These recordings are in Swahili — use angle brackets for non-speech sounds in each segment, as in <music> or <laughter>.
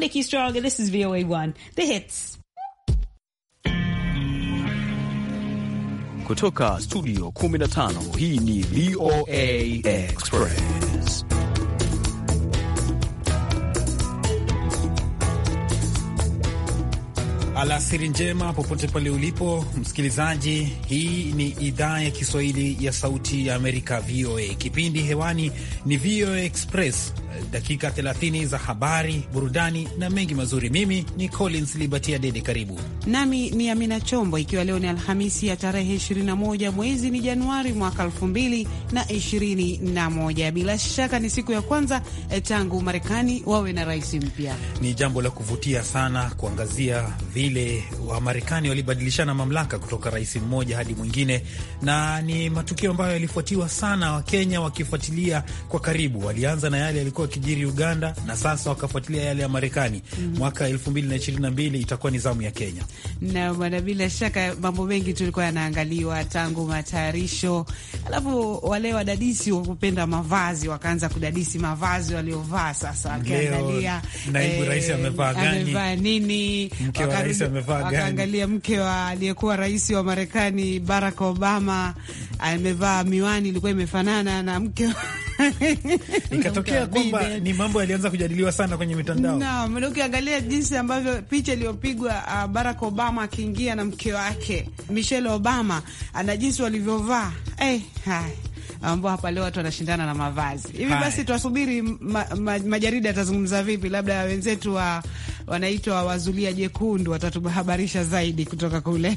Nikki Strong, and this is VOA1, The Hits. Kutoka studio 15, hii ni VOA Express. Alasiri njema popote pale ulipo msikilizaji, hii ni idhaa ya Kiswahili ya Sauti ya Amerika, VOA. Kipindi hewani ni VOA Express Eh, dakika 30 za habari, burudani na mengi mazuri. Mimi ni Collins Libatia Dede, karibu nami ni Amina Chombo, ikiwa leo ni Alhamisi ya tarehe 21 mwezi ni Januari mwaka 2021. Bila shaka ni siku ya kwanza eh, tangu Marekani wawe na rais mpya. Ni jambo la kuvutia sana kuangazia vile Wamarekani walibadilishana mamlaka kutoka rais mmoja hadi mwingine, na ni matukio ambayo yalifuatiwa sana, Wakenya wakifuatilia kwa karibu. Walianza na yale yalikuwa yalikuwa yakijiri Uganda na sasa wakafuatilia yale ya Marekani. mm -hmm. Mwaka elfu mbili na ishirini na mbili itakuwa ni zamu ya Kenya na bwana, bila shaka mambo mengi tulikuwa yanaangaliwa tangu matayarisho, alafu wale wadadisi wakupenda mavazi wakaanza kudadisi mavazi waliovaa. Sasa wakiangalia naibu eh, rais amevaa gani, amevaa nini, wakaangalia mke wa aliyekuwa rais wa Marekani Barack Obama amevaa miwani ilikuwa imefanana na mke <laughs> ikatokea kwamba ni mambo yalianza kujadiliwa sana kwenye mitandao. Naam, ukiangalia jinsi ambavyo picha iliyopigwa uh, Barack Obama akiingia na mke wake Michelle Obama ana jinsi walivyovaa hey, eh, ambao hapa leo watu wanashindana na mavazi hivi. Basi twasubiri ma, ma, majarida yatazungumza vipi, labda wenzetu wa wanaitwa wazulia jekundu, watatuhabarisha zaidi kutoka kule.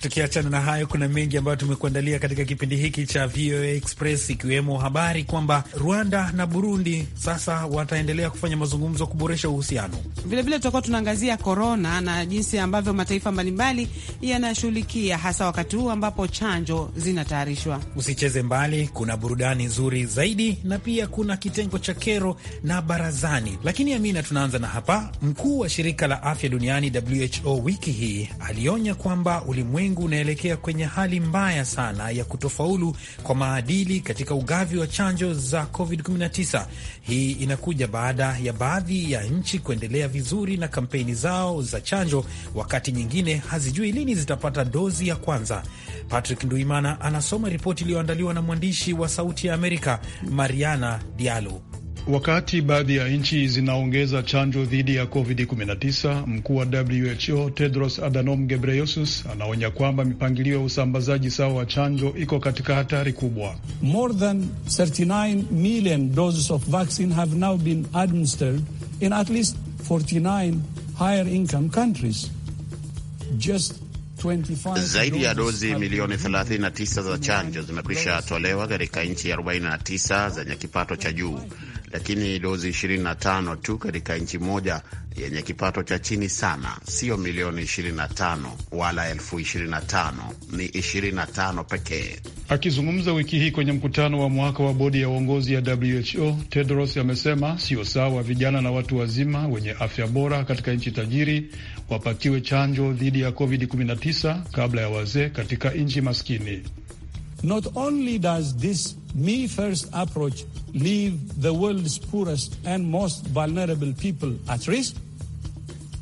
Tukiachana na hayo, kuna mengi ambayo tumekuandalia katika kipindi hiki cha VOA Express, ikiwemo habari kwamba Rwanda na Burundi sasa wataendelea kufanya mazungumzo kuboresha uhusiano. Vilevile tutakuwa tunaangazia korona na jinsi ambavyo mataifa mbalimbali yanashughulikia, hasa wakati huu ambapo chanjo zinatayarishwa. Usicheze mbali, kuna burudani nzuri zaidi na pia kuna kitengo cha kero na barazani. Lakini Amina, tunaanza na hapa mkuu wa shirika la afya duniani WHO wiki hii alionya kwamba ulimwengu unaelekea kwenye hali mbaya sana ya kutofaulu kwa maadili katika ugavi wa chanjo za COVID-19. Hii inakuja baada ya baadhi ya nchi kuendelea vizuri na kampeni zao za chanjo, wakati nyingine hazijui lini zitapata dozi ya kwanza. Patrick Nduimana anasoma ripoti iliyoandaliwa na mwandishi wa Sauti ya Amerika Mariana Diallo. Wakati baadhi ya nchi zinaongeza chanjo dhidi ya COVID-19, mkuu wa WHO Tedros Adhanom Ghebreyesus anaonya kwamba mipangilio ya usambazaji sawa wa chanjo iko katika hatari kubwa. More than 39 million doses of vaccine have now been administered in at least 49 higher income countries. Just zaidi ya dozi milioni 39 za chanjo zimekwisha tolewa katika nchi 49 zenye kipato cha juu lakini dozi 25 tu katika nchi moja yenye kipato cha chini sana, sio milioni 25 wala elfu 25, ni 25 pekee. Akizungumza wiki hii kwenye mkutano wa mwaka wa bodi ya uongozi ya WHO, Tedros amesema sio sawa vijana na watu wazima wenye afya bora katika nchi tajiri wapatiwe chanjo dhidi ya COVID-19 kabla ya wazee katika nchi maskini. Not only does this me first approach leave the world's poorest and most vulnerable people at risk,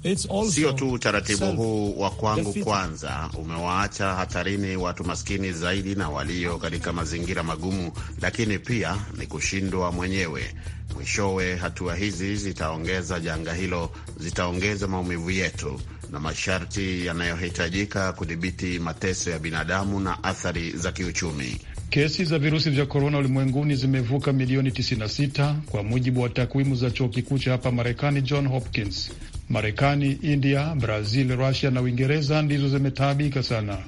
it's also sio tu utaratibu huu wa kwangu kwanza umewaacha hatarini watu maskini zaidi na walio katika mazingira magumu, lakini pia ni kushindwa mwenyewe. Mwishowe hatua hizi zitaongeza janga hilo, zitaongeza maumivu yetu na masharti yanayohitajika kudhibiti mateso ya binadamu na athari za kiuchumi. Kesi za virusi vya korona ulimwenguni zimevuka milioni 96 kwa mujibu wa takwimu za chuo kikuu cha hapa Marekani John Hopkins. Marekani, India, Brazil, Rusia na Uingereza ndizo zimetaabika sana.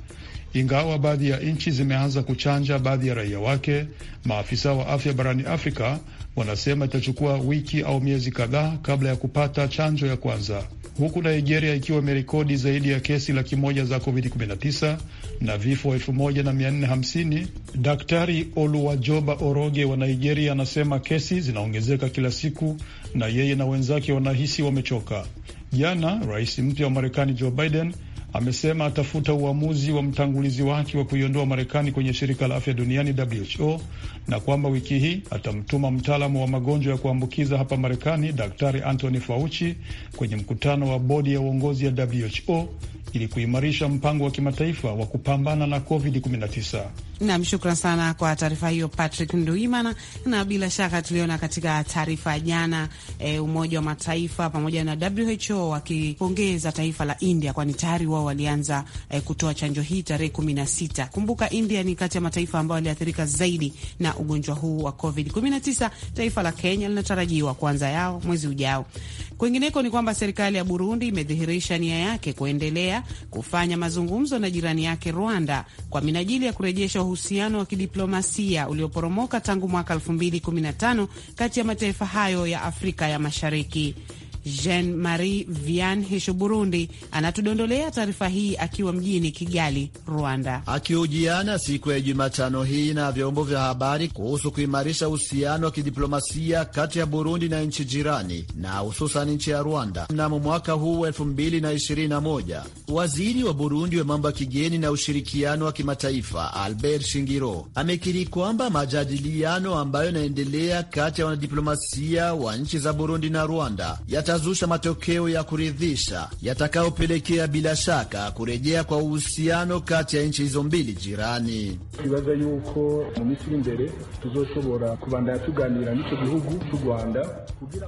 Ingawa baadhi ya nchi zimeanza kuchanja baadhi ya raia wake, maafisa wa afya barani Afrika wanasema itachukua wiki au miezi kadhaa kabla ya kupata chanjo ya kwanza, huku Nigeria ikiwa imerekodi zaidi ya kesi laki moja za COVID-19 na vifo 1450. Daktari Oluwajoba Oroge wa Nigeria anasema kesi zinaongezeka kila siku na yeye na wenzake wanahisi wamechoka. Jana rais mpya wa Marekani Joe Biden amesema atafuta uamuzi wa mtangulizi wake wa kuiondoa Marekani kwenye shirika la afya duniani WHO na kwamba wiki hii atamtuma mtaalamu wa magonjwa ya kuambukiza hapa Marekani, Daktari Anthony Fauci kwenye mkutano wa bodi ya uongozi ya WHO ili kuimarisha mpango wa kimataifa wa kupambana na COVID-19. Nam, shukran sana kwa taarifa hiyo Patrick Nduimana. Na bila shaka tuliona katika taarifa jana e, Umoja wa Mataifa pamoja na WHO wakipongeza taifa la India kwani tayari wao ambao walianza eh, kutoa chanjo hii tarehe kumi na sita. Kumbuka India ni kati ya mataifa ambayo yaliathirika zaidi na ugonjwa huu wa COVID 19. Taifa la Kenya linatarajiwa kuanza yao mwezi ujao. Kwingineko ni kwamba serikali ya Burundi imedhihirisha nia yake kuendelea kufanya mazungumzo na jirani yake Rwanda kwa minajili ya kurejesha uhusiano wa kidiplomasia ulioporomoka tangu mwaka 2015 kati ya mataifa hayo ya Afrika ya Mashariki. Jean Marie Vian Hishu Burundi anatudondolea taarifa hii akiwa mjini Kigali, Rwanda. Akihojiana siku ya Jumatano hii na vyombo vya habari kuhusu kuimarisha uhusiano wa kidiplomasia kati ya Burundi na nchi jirani na hususan nchi ya Rwanda mnamo mwaka huu 2021, waziri wa Burundi wa mambo ya kigeni na ushirikiano wa kimataifa Albert Shingiro amekiri kwamba majadiliano ambayo yanaendelea kati ya wanadiplomasia wa nchi za Burundi na Rwanda yata itazusha matokeo ya kuridhisha yatakayopelekea bila shaka kurejea kwa uhusiano kati ya nchi hizo mbili jirani. ibaza yuko mu misi iri imbere tuzoshobora kubandanya tuganira n'ico gihugu cy'u Rwanda.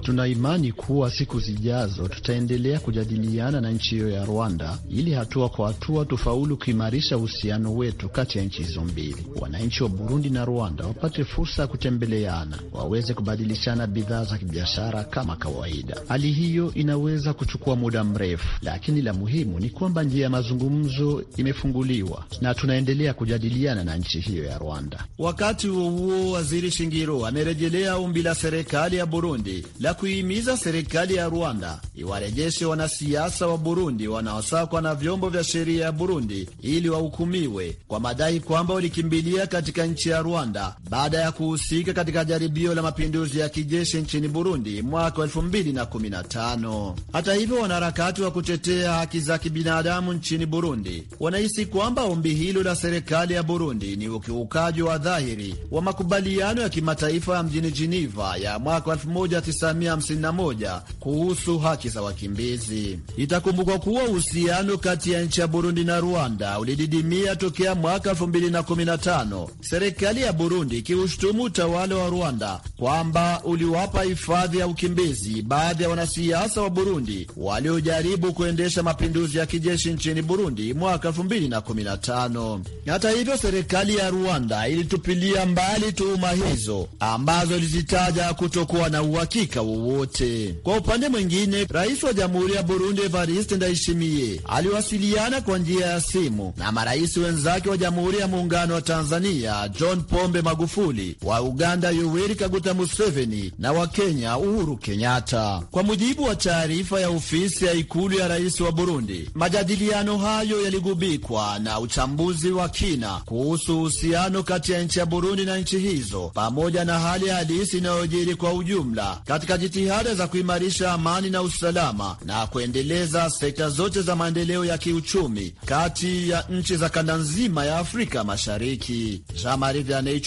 Tuna imani kuwa siku zijazo tutaendelea kujadiliana na nchi hiyo ya Rwanda ili hatua kwa hatua tufaulu kuimarisha uhusiano wetu kati ya nchi hizo mbili. Wananchi wa Burundi na Rwanda wapate fursa ya kutembeleana, waweze kubadilishana bidhaa za kibiashara kama kawaida. Hali hiyo inaweza kuchukua muda mrefu, lakini la muhimu ni kwamba njia ya mazungumzo imefunguliwa na tunaendelea kujadiliana na nchi hiyo ya Rwanda. Wakati huo huo, waziri Shingiro amerejelea ombi la serikali ya Burundi la kuihimiza serikali ya Rwanda iwarejeshe wanasiasa wa Burundi wanaosakwa na vyombo vya sheria ya Burundi ili wahukumiwe kwa madai kwamba walikimbilia katika nchi ya Rwanda baada ya kuhusika katika jaribio la mapinduzi ya kijeshi nchini Burundi mwaka tano. Hata hivyo, wanaharakati wa kutetea haki za kibinadamu nchini Burundi wanahisi kwamba ombi hilo la serikali ya Burundi ni ukiukaji wa dhahiri wa makubaliano ya kimataifa ya mjini jiniva ya mwaka 1951 kuhusu haki za wakimbizi. Itakumbukwa kuwa uhusiano kati ya nchi ya Burundi na Rwanda ulididimia tokea mwaka 2015, serikali ya Burundi ikiushutumu utawala wa Rwanda kwamba uliwapa hifadhi ya ukimbizi baadhi ya wana wanasiasa wa Burundi waliojaribu kuendesha mapinduzi ya kijeshi nchini Burundi mwaka 2015. Hata hivyo, serikali ya Rwanda ilitupilia mbali tuhuma hizo ambazo ilizitaja kutokuwa na uhakika wowote. Kwa upande mwingine, rais wa jamhuri ya Burundi Evariste Ndayishimiye aliwasiliana kwa njia ya simu na marais wenzake wa jamhuri ya muungano wa Tanzania John Pombe Magufuli, wa Uganda Yoweri Kaguta Museveni na wa Kenya Uhuru Kenyatta kwa mujibu wa taarifa ya ofisi ya ikulu ya rais wa Burundi, majadiliano hayo yaligubikwa na uchambuzi wa kina kuhusu uhusiano kati ya nchi ya Burundi na nchi hizo pamoja na hali halisi inayojiri kwa ujumla katika jitihada za kuimarisha amani na usalama na kuendeleza sekta zote za maendeleo ya kiuchumi kati ya nchi za kanda nzima ya Afrika Mashariki.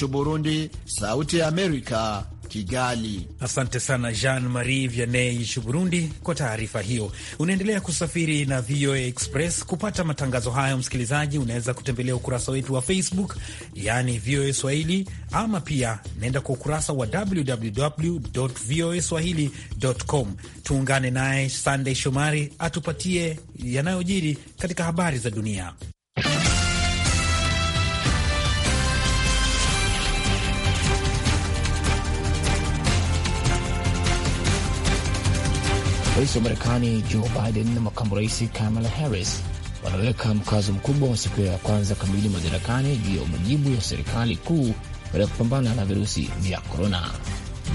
Burundi, Sauti ya Amerika, Kigali. Asante sana Jean Marie Vianney Burundi kwa taarifa hiyo. Unaendelea kusafiri na VOA Express. Kupata matangazo hayo, msikilizaji, unaweza kutembelea ukurasa wetu wa Facebook, yaani VOA Swahili, ama pia naenda kwa ukurasa wa www voa swahili.com. Tuungane naye Sandey Shomari atupatie yanayojiri katika habari za dunia. Rais wa Marekani Joe Biden na makamu rais Kamala Harris wanaweka mkazo mkubwa wa siku ya kwanza kamili madarakani juu ya majibu ya serikali kuu katika kupambana na virusi vya korona.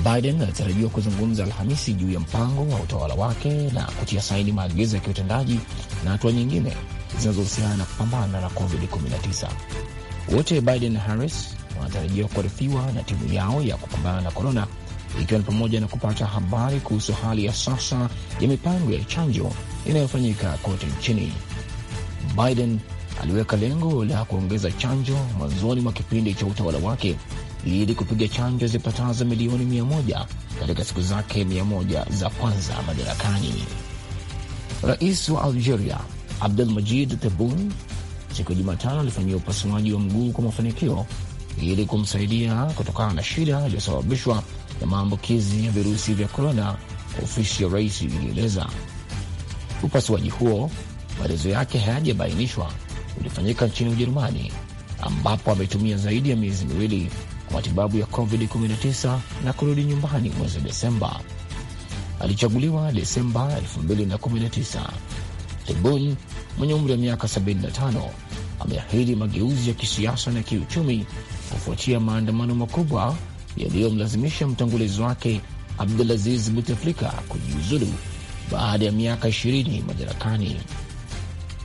Biden anatarajiwa kuzungumza Alhamisi juu ya mpango wa utawala wake na kutia saini maagizo ya kiutendaji na hatua nyingine zinazohusiana na kupambana na COVID-19. Wote Biden na Harris wanatarajiwa kuarifiwa na timu yao ya kupambana na korona ikiwa ni pamoja na kupata habari kuhusu hali ya sasa ya mipango ya chanjo inayofanyika kote nchini. Biden aliweka lengo la kuongeza chanjo mwanzoni mwa kipindi cha utawala wake ili kupiga chanjo zipatazo milioni mia moja katika siku zake mia moja za kwanza madarakani. Rais wa Algeria Abdul Majid Tebboune siku ya Jumatano alifanyia upasuaji wa mguu kwa mafanikio ili kumsaidia kutokana na shida iliyosababishwa ya maambukizi ya virusi vya korona, ofisi ya rais ilieleza. Upasuaji huo, maelezo yake hayajabainishwa, ulifanyika nchini Ujerumani ambapo ametumia zaidi ya miezi miwili kwa matibabu ya COVID-19 na kurudi nyumbani mwezi Desemba. Alichaguliwa Desemba 2019. tebun mwenye umri wa miaka 75 ameahidi mageuzi ya kisiasa na kiuchumi kufuatia maandamano makubwa yaliyomlazimisha mtangulizi wake Abdulaziz Buteflika kujiuzulu baada ya miaka 20 madarakani.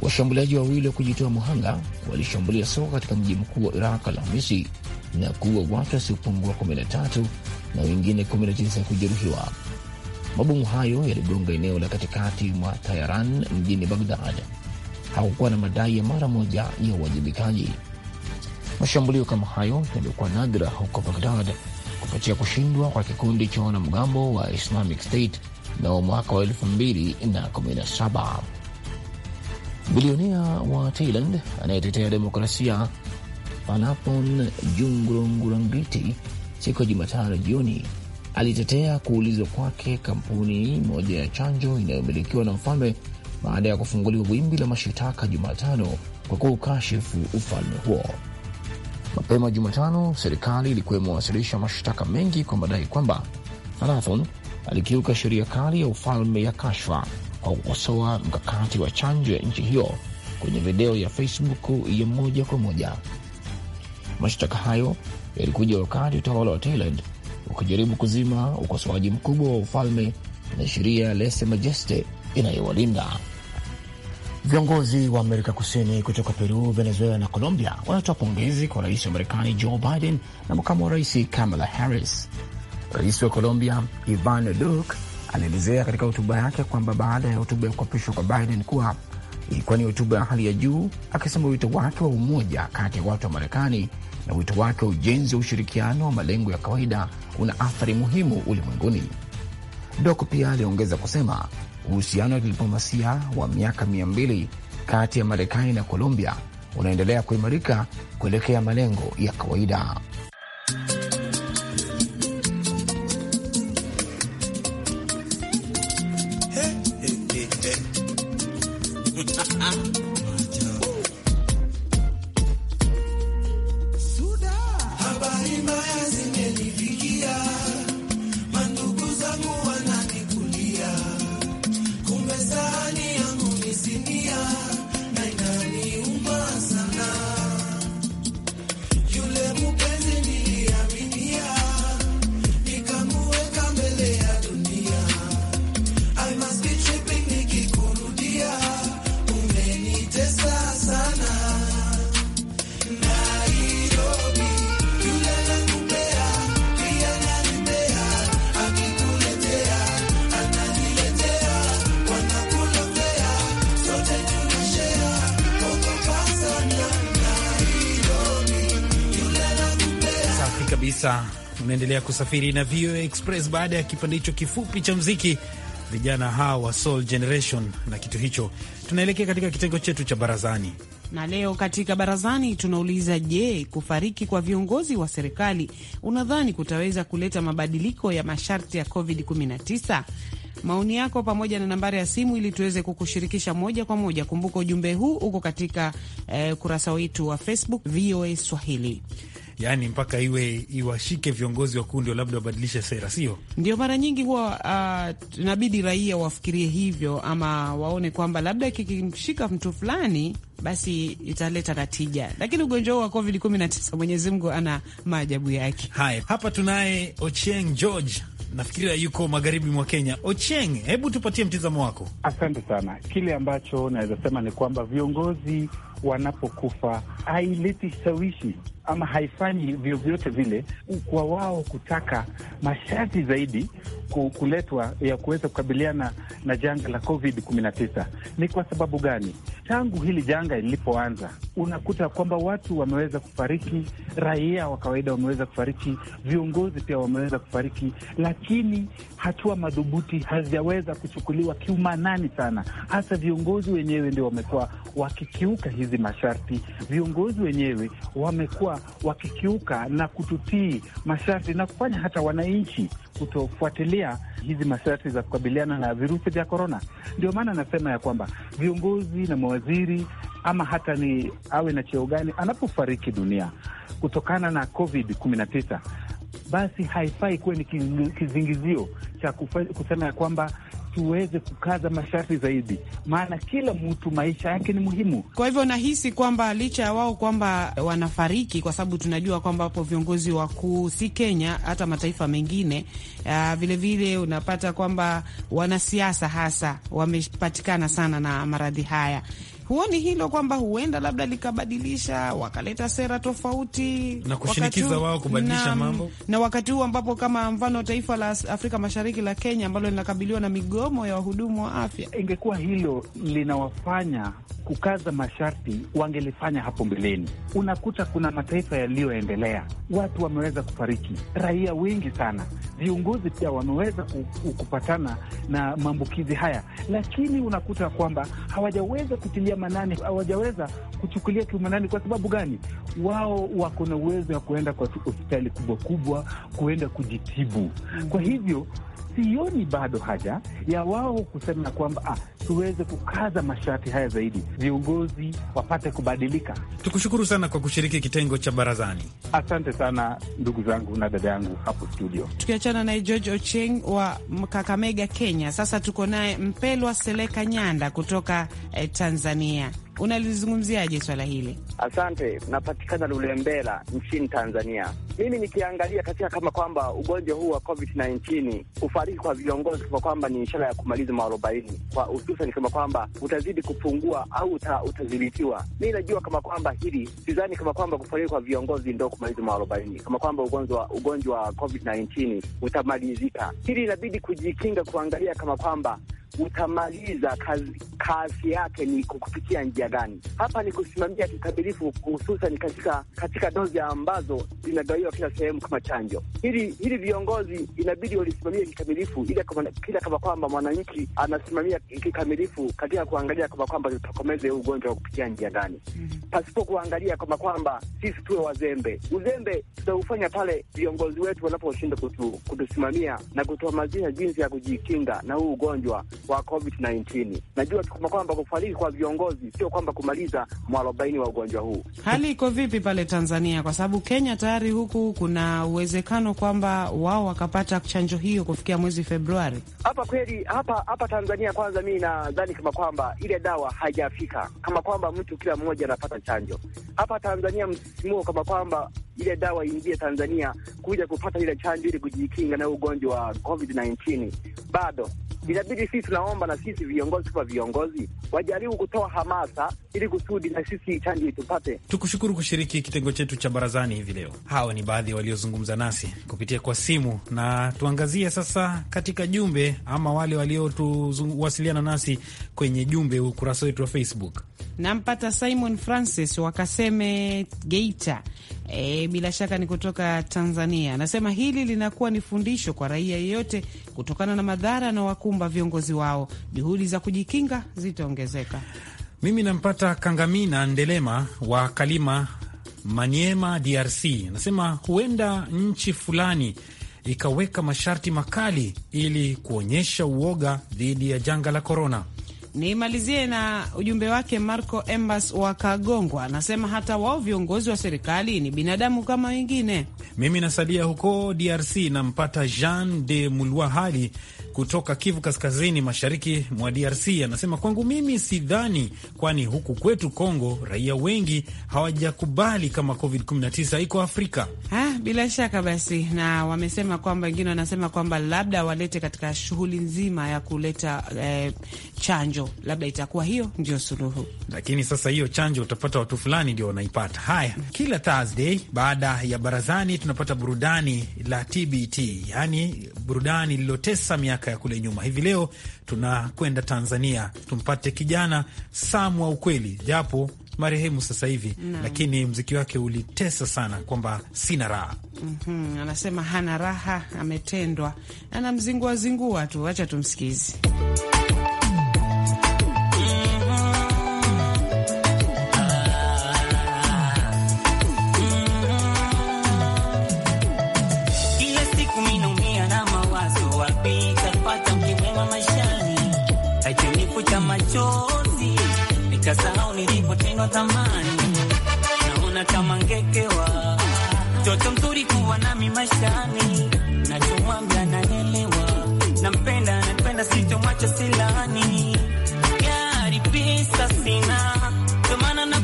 Washambuliaji wawili wa kujitoa muhanga walishambulia soko katika mji mkuu wa Iraq Alhamisi na kuua watu wasiopungua 13 na wengine 19 kujeruhiwa. Mabomu hayo yaligonga eneo la katikati mwa Tayaran mjini Bagdad. Hakukuwa na madai ya mara moja ya uwajibikaji. Mashambulio kama hayo yaliyokuwa nadra huko Bagdad kufuatia kushindwa kwa kikundi cha wanamgambo wa Islamic State na mwaka wa 2017. Bilionea wa Thailand anayetetea demokrasia Panapon Jungurungurangiti siku ya Jumatano jioni alitetea kuulizwa kwake kampuni moja ya chanjo inayomilikiwa na mfalme baada ya kufunguliwa wimbi la mashitaka Jumatano kwa kuukashifu ufalme huo. Mapema Jumatano, serikali ilikuwa imewasilisha mashtaka mengi kwa madai kwamba Thalathon alikiuka sheria kali ya ufalme ya kashfa kwa kukosoa mkakati wa chanjo ya nchi hiyo kwenye video ya Facebook ya moja kwa moja. Mashtaka hayo yalikuja wakati utawala wa Thailand ukijaribu kuzima ukosoaji mkubwa wa ufalme na sheria ya lese majeste inayowalinda. Viongozi wa Amerika Kusini kutoka Peru, Venezuela na Colombia wanatoa pongezi kwa rais wa Marekani Joe Biden na makamu wa rais Kamala Harris. Rais wa Colombia Ivan Duque alielezea katika hotuba yake kwamba baada ya hotuba ya kuapishwa kwa Biden kuwa ilikuwa ni hotuba ya hali ya juu, akisema wito wake wa umoja kati ya watu wa Marekani na wito wake wa ujenzi wa ushirikiano wa malengo ya kawaida una athari muhimu ulimwenguni. Dok pia aliongeza kusema uhusiano wa kidiplomasia wa miaka mia mbili kati ya Marekani na Colombia unaendelea kuimarika kuelekea malengo ya kawaida. Unaendelea kusafiri na VOA Express. Baada ya kipande hicho kifupi cha mziki, vijana hawa wa Soul Generation na kitu hicho, tunaelekea katika kitengo chetu cha barazani na leo katika barazani tunauliza, je, kufariki kwa viongozi wa serikali unadhani kutaweza kuleta mabadiliko ya masharti ya COVID-19? Maoni yako pamoja na nambari ya simu ili tuweze kukushirikisha moja kwa moja. Kumbuka ujumbe huu uko katika eh, kurasa wetu wa Facebook VOA Swahili yaani mpaka iwe iwashike viongozi wakuu ndio labda wabadilishe sera, sio ndio? Mara nyingi huwa uh, ah, inabidi raia wafikirie hivyo, ama waone kwamba labda kikimshika mtu fulani basi italeta natija, lakini ugonjwa huu wa Covid 19 Mwenyezi Mungu ana maajabu yake. Haya, hapa tunaye Ochieng George, nafikiria yuko magharibi mwa Kenya. Ochieng, hebu tupatie mtizamo wako. Asante sana. Kile ambacho naweza sema ni kwamba viongozi wanapokufa haileti shawishi ama haifanyi vyovyote vile kwa wao kutaka masharti zaidi kuletwa ya kuweza kukabiliana na janga la Covid 19. Ni kwa sababu gani? Tangu hili janga lilipoanza, unakuta kwamba watu wameweza kufariki, raia wa kawaida wameweza kufariki, viongozi pia wameweza kufariki, lakini hatua madhubuti hazijaweza kuchukuliwa kiumanani sana, hasa viongozi wenyewe ndio wamekuwa wakikiuka hizi hizi masharti, viongozi wenyewe wamekuwa wakikiuka na kututii masharti na kufanya hata wananchi kutofuatilia hizi masharti za kukabiliana na virusi vya korona. Ndio maana anasema ya kwamba viongozi na mawaziri ama hata ni awe na cheo gani, anapofariki dunia kutokana na COVID 19 basi haifai kuwe ni kizingizio cha kusema ya kwamba tuweze kukaza masharti zaidi, maana kila mtu maisha yake ni muhimu. Kwa hivyo nahisi kwamba licha ya wao kwamba wanafariki, kwa sababu tunajua kwamba hapo viongozi wakuu si Kenya, hata mataifa mengine vilevile, ah, vile unapata kwamba wanasiasa hasa wamepatikana sana na maradhi haya huoni hilo kwamba huenda labda likabadilisha wakaleta sera tofauti na kushinikiza wao kubadilisha na mambo, na wakati huu ambapo kama mfano taifa la Afrika Mashariki la Kenya ambalo linakabiliwa na migomo ya wahudumu wa afya, ingekuwa hilo linawafanya kukaza masharti, wangelifanya hapo mbeleni. Unakuta kuna mataifa yaliyoendelea, watu wameweza kufariki, raia wengi sana, viongozi pia wameweza kupatana na maambukizi haya, lakini unakuta kwamba hawajaweza kutilia manane hawajaweza kuchukulia kimanani. Kwa sababu gani? Wao wako na uwezo wa kuenda kwa hospitali kubwa kubwa kuenda kujitibu. Kwa hivyo sioni bado haja ya wao kusema kwamba ah, tuweze kukaza masharti haya zaidi, viongozi wapate kubadilika. Tukushukuru sana kwa kushiriki kitengo cha barazani. Asante sana ndugu zangu na dada yangu hapo studio. Tukiachana naye George Ocheng wa Kakamega, Kenya, sasa tuko naye Mpelwa Seleka Nyanda kutoka eh, Tanzania unalizungumziaje swala hili? Asante. Napatikana Lulembela nchini Tanzania. Mimi nikiangalia katika kama kwamba ugonjwa huu wa COVID-19 kufariki kwa viongozi kwa kwamba ni ishara ya kumaliza mwarobaini kwa hususani kama kwamba utazidi kupungua au uta, Mi najua kama kwamba hili sidhani kama kwamba kufariki kwa viongozi ndo kumaliza mwarobaini, kama kwamba ugonjwa ugonjwa wa COVID-19 utamalizika. Hili inabidi kujikinga, kuangalia kama kwamba utamaliza kazi, kazi yake ni kupitia njia gani? Hapa ni kusimamia kikamilifu, hususan katika katika dozi ambazo zinagawiwa kila sehemu kama chanjo. Hili hili viongozi inabidi walisimamia kikamilifu, ili kila kama kwamba mwananchi anasimamia kikamilifu katika kuangalia kama kwamba tutokomeze huu ugonjwa wa kupitia njia gani, mhm. pasipo kuangalia kama kwamba sisi tuwe wazembe. Uzembe tutaufanya pale viongozi wetu wanaposhinda kutusimamia na kutuhamasisha jinsi ya kujikinga na huu ugonjwa wa COVID-19. Najua tukuma kwamba kufariki kwa viongozi sio kwamba kumaliza mwarobaini wa ugonjwa huu. Hali iko vipi pale Tanzania? Kwa sababu Kenya tayari huku kuna uwezekano kwamba wao wakapata chanjo hiyo kufikia mwezi Februari. Hapa kweli, hapa hapa Tanzania, kwanza mi nadhani kama kwamba ile dawa haijafika, kama kwamba mtu kila mmoja anapata chanjo hapa Tanzania, msisimuo kama kwamba ile dawa iingie Tanzania kuja kupata ile chanjo ili kujikinga na ugonjwa wa COVID-19 bado inabidi sisi tunaomba na sisi viongozi kwa viongozi wajaribu kutoa hamasa ili kusudi na sisi chanjo tupate. Tukushukuru kushiriki kitengo chetu cha barazani hivi leo. Hawa ni baadhi waliozungumza nasi kupitia kwa simu, na tuangazie sasa katika jumbe ama wale waliotuwasiliana nasi kwenye jumbe ukurasa wetu wa Facebook. Nampata Simon Francis wakaseme Geita E, bila shaka ni kutoka Tanzania. Anasema hili linakuwa ni fundisho kwa raia yeyote kutokana na madhara na wakumba viongozi wao, juhudi za kujikinga zitaongezeka. Mimi nampata Kangamina Ndelema wa Kalima, Maniema, DRC. Anasema huenda nchi fulani ikaweka masharti makali ili kuonyesha uoga dhidi ya janga la korona. Nimalizie na ujumbe wake Marco Embas wa Kagongwa, anasema hata wao viongozi wa serikali ni binadamu kama wengine. Mimi nasalia huko DRC, nampata Jean de Mulwahali kutoka Kivu Kaskazini, mashariki mwa DRC. Anasema kwangu mimi sidhani, kwani huku kwetu Kongo raia wengi hawajakubali kama COVID-19 iko Afrika. Ha, bila shaka basi, na wamesema kwamba wengine wanasema kwamba labda walete katika shughuli nzima ya kuleta eh, chanjo chanjo, labda itakuwa hiyo ndio suluhu. Lakini sasa hiyo chanjo utapata watu fulani ndio wanaipata. Haya, kila Thursday baada ya barazani tunapata burudani la TBT, yaani burudani lililotesa miaka ya kule nyuma. Hivi leo tunakwenda Tanzania tumpate kijana Sam wa ukweli, japo marehemu sasa hivi no. Lakini mziki wake ulitesa sana, kwamba sina raha mm -hmm. Anasema hana raha, ametendwa, ana tu. Wacha tumsikizi. una thamani, naona kama ngekewa mtoto mzuri kuwa nami maishani, nachomwambia naelewa, nampenda nampenda, sitomwacha silani, gari pesa sina, tomana na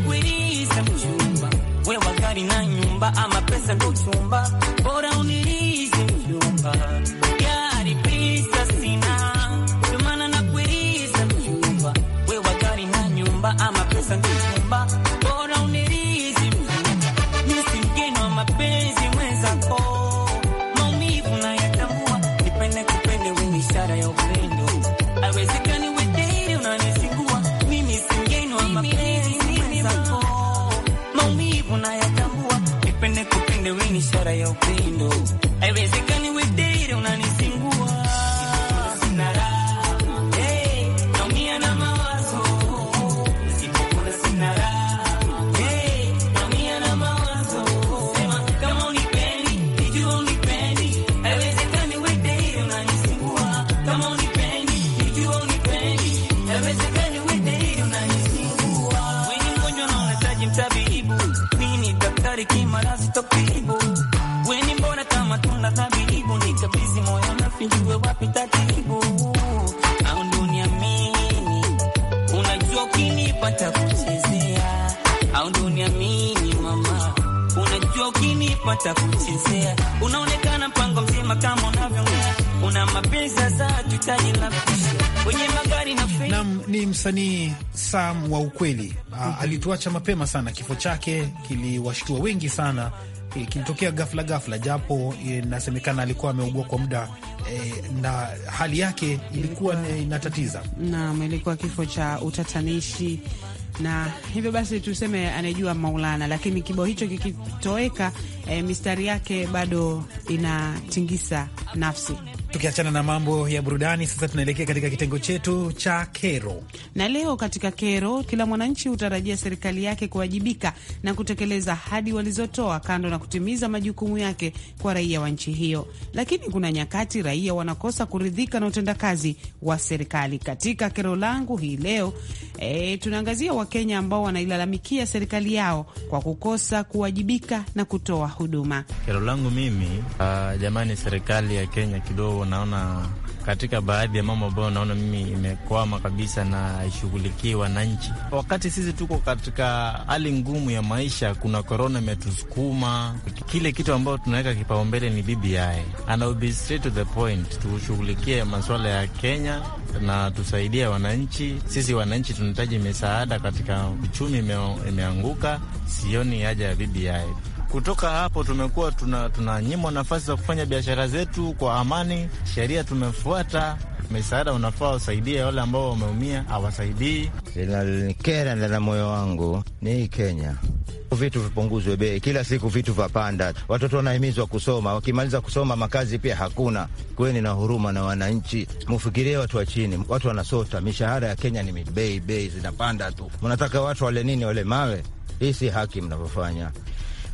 mchumba we wa gari na nyumba ama pesa ndo chumba tabibu, mimi daktari kimaradhi tokibu, weni mbona kama tuna tabibu, nikabizi moyo nafiwe wapi tatibu, au duniamini unajua ukinipa takuchezea, au duniamini mama unajua ukinipa takuchezea, unaonekana mpango mzima kama unavyongea Nam ni msanii Sam wa ukweli. alituacha mapema sana. Kifo chake kiliwashtua wengi sana, e, kilitokea ghafla ghafla, japo e, inasemekana alikuwa ameugua kwa muda e, na hali yake ilikuwa inatatiza. nam ilikuwa kifo cha utatanishi na hivyo basi tuseme anajua Maulana, lakini kibao hicho kikitoweka e, mistari yake bado inatingisa nafsi. Tukiachana na mambo ya burudani, sasa tunaelekea katika kitengo chetu cha kero, na leo katika kero, kila mwananchi hutarajia serikali yake kuwajibika na kutekeleza ahadi walizotoa, kando na kutimiza majukumu yake kwa raia wa nchi hiyo. Lakini kuna nyakati raia wanakosa kuridhika na utendakazi wa serikali. Katika kero langu hii leo e, tunaangazia Wakenya ambao wanailalamikia serikali yao kwa kukosa kuwajibika na kutoa huduma. Kero langu mimi, uh, jamani, serikali ya Kenya kidogo naona katika baadhi ya mambo ambayo naona mimi imekwama kabisa na ishughulikie wananchi, wakati sisi tuko katika hali ngumu ya maisha. Kuna korona imetusukuma, kile kitu ambayo tunaweka kipaumbele ni BBI. Ana be straight to the point, tushughulikie masuala ya Kenya na tusaidia wananchi. Sisi wananchi tunahitaji misaada katika uchumi, imeanguka. Sioni haja ya BBI. Kutoka hapo tumekuwa tunanyimwa tuna nafasi za kufanya biashara zetu kwa amani. Sheria tumefuata, misaada unafaa wasaidie wale ambao wameumia, hawasaidii. Linanikera ndani ya moyo wangu ni Kenya, vitu vipunguzwe bei. Kila siku vitu vapanda, watoto wanahimizwa kusoma, wakimaliza kusoma makazi pia hakuna. Kweni na huruma na wananchi, mufikirie watu wa chini. Watu wanasota, mishahara ya Kenya ni bei, bei zinapanda tu. Mnataka watu wale nini? Wale mawe? Hii si haki mnavyofanya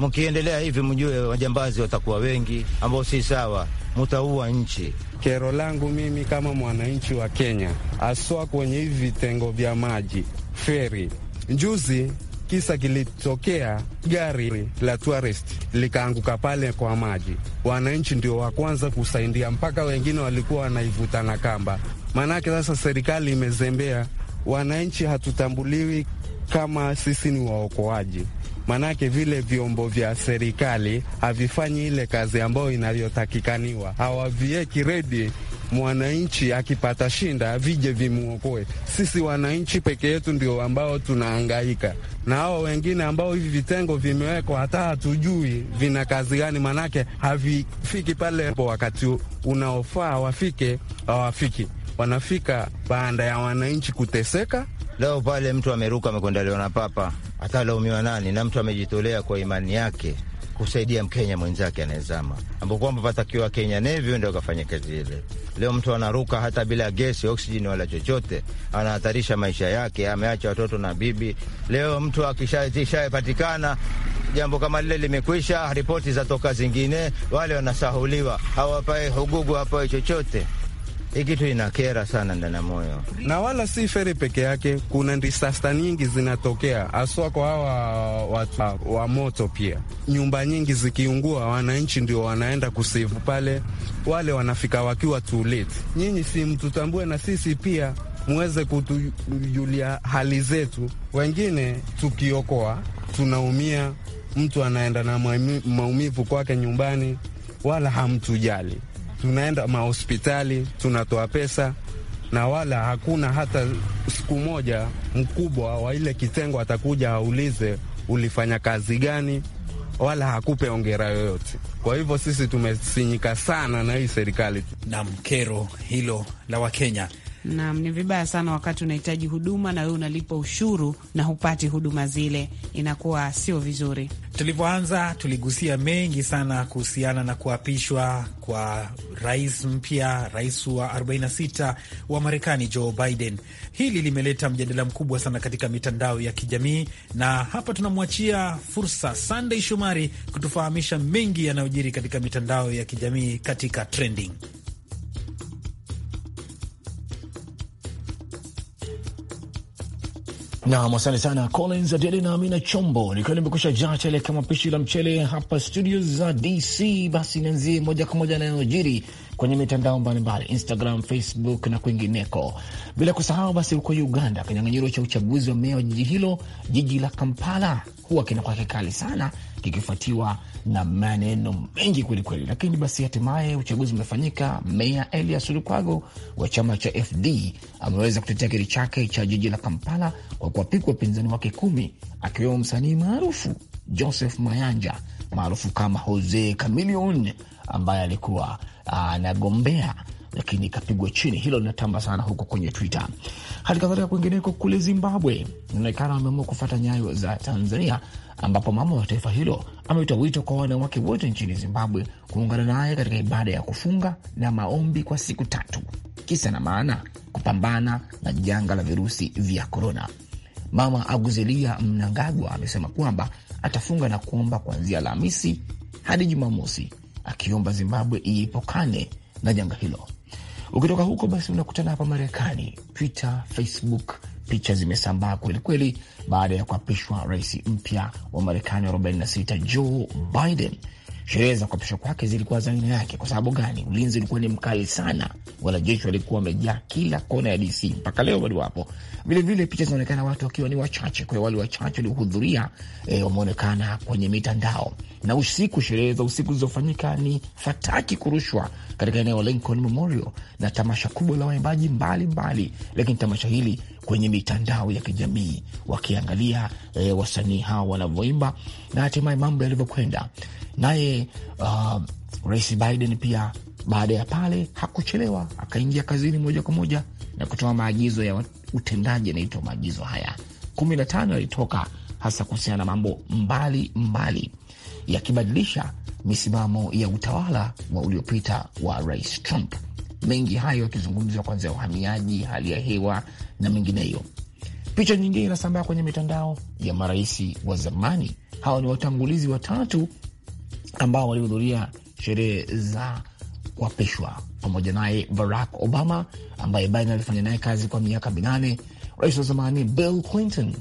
mkiendelea hivi, mjue wajambazi watakuwa wengi ambao si sawa, mutaua nchi. Kero langu mimi kama mwananchi wa Kenya, aswa kwenye hivi vitengo vya maji feri. Juzi kisa kilitokea, gari la tourist likaanguka pale kwa maji. Wananchi ndio wa kwanza kusaidia, mpaka wengine walikuwa wanaivuta na kamba. Maanake sasa serikali imezembea, wananchi hatutambuliwi kama sisi ni waokoaji maanake vile vyombo vya serikali havifanyi ile kazi ambayo inayotakikaniwa, hawavieki redi mwananchi akipata shinda vije vimuokoe. Sisi wananchi peke yetu ndio ambao tunaangaika, na hao wengine ambao hivi vitengo vimewekwa hata hatujui vina kazi gani, manake havifiki pale po wakati unaofaa wafike, hawafiki. Wanafika baada ya wananchi kuteseka Leo pale mtu ameruka amekwenda na Papa, atalaumiwa nani? Na mtu amejitolea kwa imani yake kusaidia Mkenya mwenzake anayezama, ambao kwamba patakiwa Kenya Navy ndio akafanya kazi ile. Leo mtu anaruka hata bila gesi oksijeni wala chochote, anahatarisha maisha yake, ameacha watoto na bibi. Leo mtu akishapatikana jambo kama lile limekwisha, ripoti zatoka zingine, wale wanasahuliwa, hawapae hugugu, hapawe chochote. Hii kitu inakera sana ndani ya moyo, na wala si feri peke yake. Kuna disasta nyingi zinatokea, haswa kwa hawa watu wa moto. Pia nyumba nyingi zikiungua, wananchi ndio wanaenda kusevu pale, wale wanafika wakiwa too late. Nyinyi si mtutambue na sisi pia muweze kutujulia hali zetu, wengine tukiokoa tunaumia, mtu anaenda na maumivu kwake nyumbani, wala hamtujali tunaenda mahospitali, tunatoa pesa na wala hakuna hata siku moja mkubwa wa ile kitengo atakuja aulize ulifanya kazi gani, wala hakupe ongera yoyote. Kwa hivyo sisi tumesinyika sana na hii serikali na mkero hilo la Wakenya. Naam, ni vibaya sana wakati unahitaji huduma na wewe unalipa ushuru na hupati huduma zile, inakuwa sio vizuri. Tulivyoanza tuligusia mengi sana kuhusiana na kuapishwa kwa rais mpya, rais wa 46 wa Marekani Joe Biden. Hili limeleta mjadala mkubwa sana katika mitandao ya kijamii, na hapa tunamwachia fursa sandey Shumari kutufahamisha mengi yanayojiri katika mitandao ya kijamii katika trending. Nam, asante sana Collins Adele na Amina Chombo, nikiwa nimekusha jaa tele kama pishi la mchele hapa studio za DC. Basi nianzie moja kwa moja anayojiri kwenye mitandao mbalimbali, Instagram, Facebook na kwingineko, bila kusahau basi huko Uganda, kinyang'anyiro cha uchaguzi wa meya wa jiji hilo, jiji la Kampala, huwa kinakuwa kikali sana, kikifuatiwa na maneno mengi kwelikweli, lakini basi hatimaye uchaguzi umefanyika. Meya Elias Lukwago wa chama cha FD ameweza kutetea kiti chake cha jiji la Kampala kwa kuwapikwa wapinzani wake kumi akiwemo msanii maarufu Joseph Mayanja maarufu kama Jose Chameleone ambaye alikuwa ah, anagombea lakini ikapigwa chini. Hilo linatamba sana huko kwenye Twitter. Hali kadhalika kwingineko kule Zimbabwe, inaonekana wameamua kufata nyayo za Tanzania, ambapo mama wa taifa hilo ametoa wito kwa wanawake wote nchini Zimbabwe kuungana naye katika ibada ya kufunga na maombi kwa siku tatu, kisa na maana kupambana na janga la virusi vya korona. Mama Aguzelia Mnangagwa amesema kwamba atafunga na kuomba kuanzia Alhamisi hadi Jumamosi akiomba Zimbabwe iepukane na janga hilo. Ukitoka huko basi unakutana hapa Marekani, Twitter, Facebook, picha zimesambaa kwelikweli baada ya kuapishwa rais mpya wa Marekani 46 Joe Biden. Sherehe za kuapishwa kwake zilikuwa za aina yake. Kwa sababu gani? Ulinzi ulikuwa ni mkali sana, wanajeshi walikuwa wamejaa kila kona ya DC, mpaka leo bado wapo. Vilevile picha zinaonekana watu wakiwa ni wachache, kwa wale wachache waliohudhuria e, wameonekana kwenye mitandao na usiku. Sherehe za usiku zilizofanyika ni fataki kurushwa katika eneo Lincoln Memorial na tamasha kubwa la waimbaji mbalimbali, lakini tamasha hili kwenye mitandao ya kijamii wakiangalia eh, wasanii hawa wanavyoimba na hatimaye mambo yalivyokwenda. Naye uh, Rais Biden pia baada ya pale hakuchelewa, akaingia kazini moja kwa moja na kutoa maagizo ya utendaji, yanaitwa maagizo haya kumi na tano yalitoka hasa kuhusiana na mambo mbali mbali yakibadilisha misimamo ya utawala wa uliopita wa Rais Trump. Mengi hayo yakizungumzwa, kwanza ya uhamiaji, hali ya hewa na mengineyo. Picha nyingine inasambaa kwenye mitandao ya marais wa zamani. Hawa ni watangulizi watatu ambao walihudhuria sherehe za kuapishwa pamoja naye Barack Obama ambaye Biden alifanya naye kazi kwa miaka minane, rais wa zamani Bill Clinton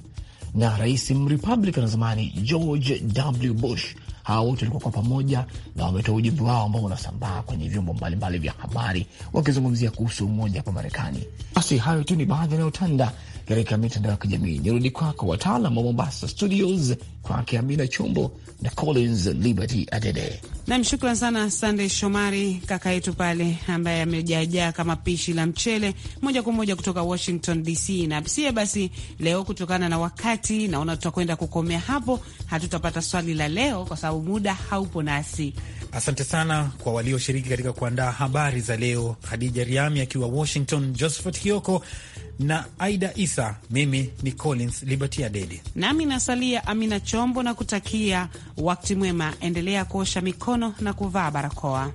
na rais mrepublican wa zamani George W Bush hawa wote walikuwa kwa pamoja na wametoa ujumbe wao ambao unasambaa kwenye vyombo mbalimbali vya habari wakizungumzia kuhusu umoja hapa Marekani. Basi hayo tu ni baadhi yanayotanda katika mitandao ya kijamii. Nirudi kwako wataalam wa Mombasa Studios, kwake Amina Chombo na Collins Liberty Adede. Nam, shukran sana Sandey Shomari, kaka yetu pale ambaye amejajaa kama pishi la mchele, moja kwa moja kutoka Washington DC. Na sie basi, leo kutokana na wakati, naona tutakwenda kukomea hapo. Hatutapata swali la leo kwa sababu muda haupo nasi. Asante sana kwa walioshiriki katika kuandaa habari za leo, Hadija Riami akiwa Washington, Josephat Kioko na Aida Isa. Mimi ni Collins Libertia Dedi nami nasalia Amina Chombo na kutakia wakati mwema. Endelea kuosha mikono na kuvaa barakoa.